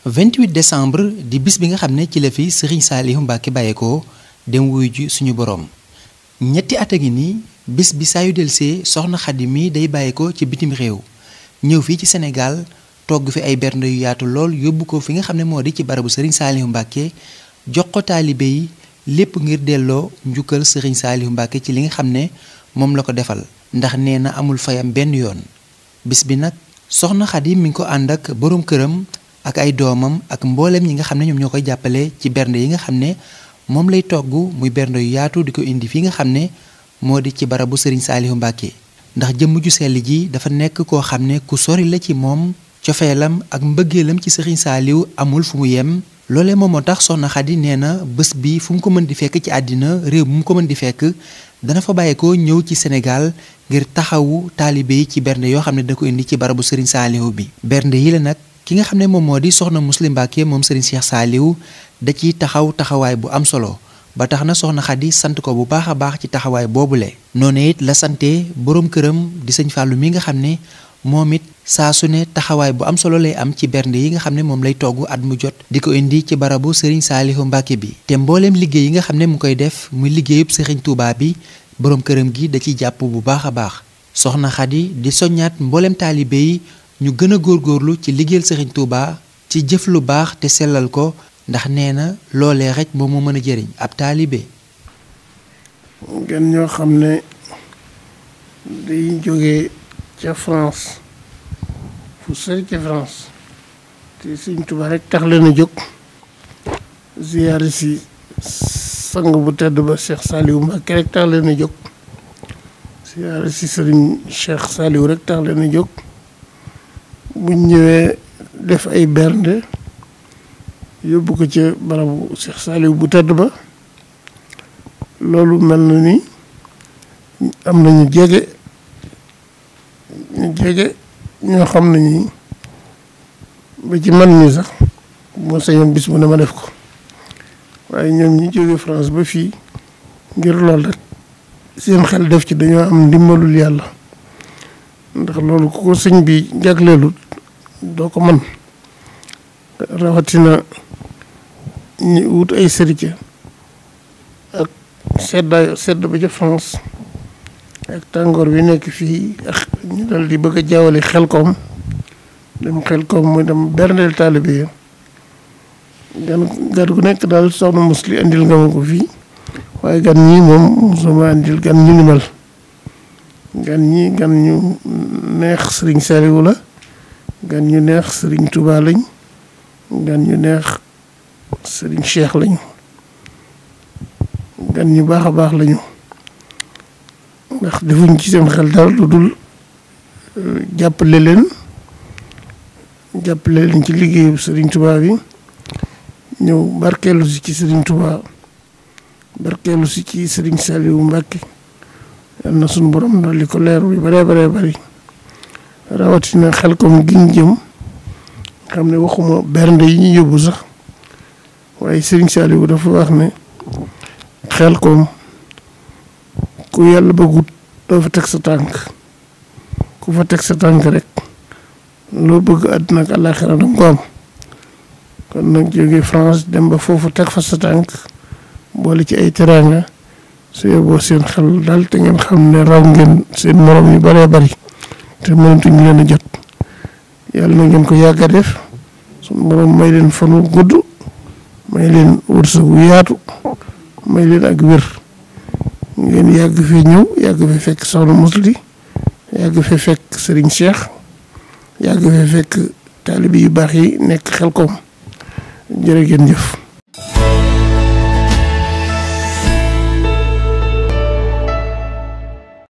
28 décembre di bis bi nga xam ne ci la fi Serigne Saliou Mbacke bàyyeekoo dem wuyu suñu boroom ñetti at a ngi nii bis bi saa yu delsee soxna Xadi mii day bàyyeekoo ci bitim réew ñëw fii ci Sénégal togg fi ay bernde yu yaatu lool yóbbu ko fi nga xam ne moo di ci barabu sëriñ Saliou Mbacke jox ko taalibe yi lépp ngir delloo njukkal sëriñ Saliou Mbacke ci li nga xam ne moom la ko defal ndax nee na amul fayam benn yoon bis bi nag soxna xaddi mi ngi ko ànd ak borom këram. ak ay doomam ak mboolem ñi nga xam ne ñoom ñoo koy jàppale ci bernde yi nga xam ne moom lay togg muy bernde yu yaatu di ko indi fii nga xam ne moo di ci barabu Serigne Saliou Mbacké ndax jëmm ju sell ji dafa nekk koo xam ne ku sori la ci moom cofeelam ak mbëggeelam ci Serigne saaliw amul fu mu yem loole moom moo tax soxna Xadi nee na bés bi fu mu ko mën di fekk ci àddina réew bu mu ko mën di fekk dana fa bàyyeekoo ñëw ci Sénégal ngir taxawu taalibe yi ci bernde yoo xam ne da ko indi ci barabu Serigne Saliou bi ki nga xam ne moom moo di soxna Muslim Mbàkke moom Serigne Cheikh Saliou da ciy taxaw taxawaay bu am solo ba tax na soxna Xadi sant ko bu baax a baax ci taxawaay boobu boobule. noonu it la sante boroom këram di sëñ Fàllu mi nga xam ne moom it saa su ne taxawaay bu am solo lay am ci bernde yi nga xam ne moom lay togg at mu jot di ko indi ci barabu Serigne Saliou Mbàkke bi te mbooleem liggéey yi nga xam ne mu koy def muy liggéeyub Serigne Touba bi boroom këram gi da ciy jàpp bu baax a baax soxna Xadi di soññaat mbooleem taalibe yi ñu gën a góorlu ci liggéeyal sëriñ Touba ci jëf lu baax te sellal ko ndax nee na loolee rek moom moo mën a jëriñ ab taalibe ngeen ñoo xam ne day jóge ca France fu sori ca France te sëriñ Touba rek tax leen a jóg ziyaar si bu tedd ba Cheikh Saliou Mbacké rek tax jóg ziyaar si sëriñ Cheikh Saliou rek tax leen a jóg buñ ñëwee def ay bernde yóbbu ko ca barabu Cheikh Saliou bu tedd ba loolu mel na ni am na ñu jege ñu jege ñoo xam ne ñi ba ci man mi sax moo sañoon bis bu ne ma def ko waaye ñoom ñu jóge France ba fii ngir lool rek seen xel def ci dañoo am ndimbalul yàlla ndax loolu ku ko sëñ bi jagleelut doo ko mën rawatina ñu wut ay sërite ak seddaay sedd ba ca France ak tàngoor bi nekk fii ak ñu dal di bëgg a jaawale xel koom dem xel koom muy dem berndeel taalibe gan gan gu nekk daal soxna musli andil nga ma ko fii waaye gan ñi moom mosuma gan ñu ni gan ñi gan ñu neex sëriñ sariwu la gan ñu neex sëriñ tubaa lañ gan ñu neex sëriñ Cheikh lañ gan ñu baax a baax lañu ndax defuñ ci seen xel dara lu dul euh, jàppale leen jàppale leen ci liggéeyu sëriñ Touba bi ñëw barkeelu si ci sëriñ Touba barkeelu si ci sëriñ Saliou Mbacke yal na sunu borom na li ko leer bi baree baree bari rawatina xel kom gi ñu jëm xam ne waxuma bernde yi ñu yóbbu sax waaye Serigne Saliou dafa wax ne xel kom ku yàlla bëggut doo fa teg sa tànk ku fa teg sa tànk rek loo bëgg àdduna ak àllaaxira danga kon nag jóge France dem ba foofu teg fa sa tànk boole ci ay teraanga su yóbboo seen xel daal te ngeen xam ne raw ngeen seen morom yu baree bari te mënatuñ leen a jot yàlla na ngeen ko yàgg a def suñu borom may leen fan gudd may leen wërsëg wu yaatu may leen ak wér ngeen yàgg fee ñëw yàgg fee fekk Soxna Mously yàgg fee fekk Serigne Cheikh yàgg fee fekk taalibe yu baax yi nekk xel ko jërë ngeen jëf.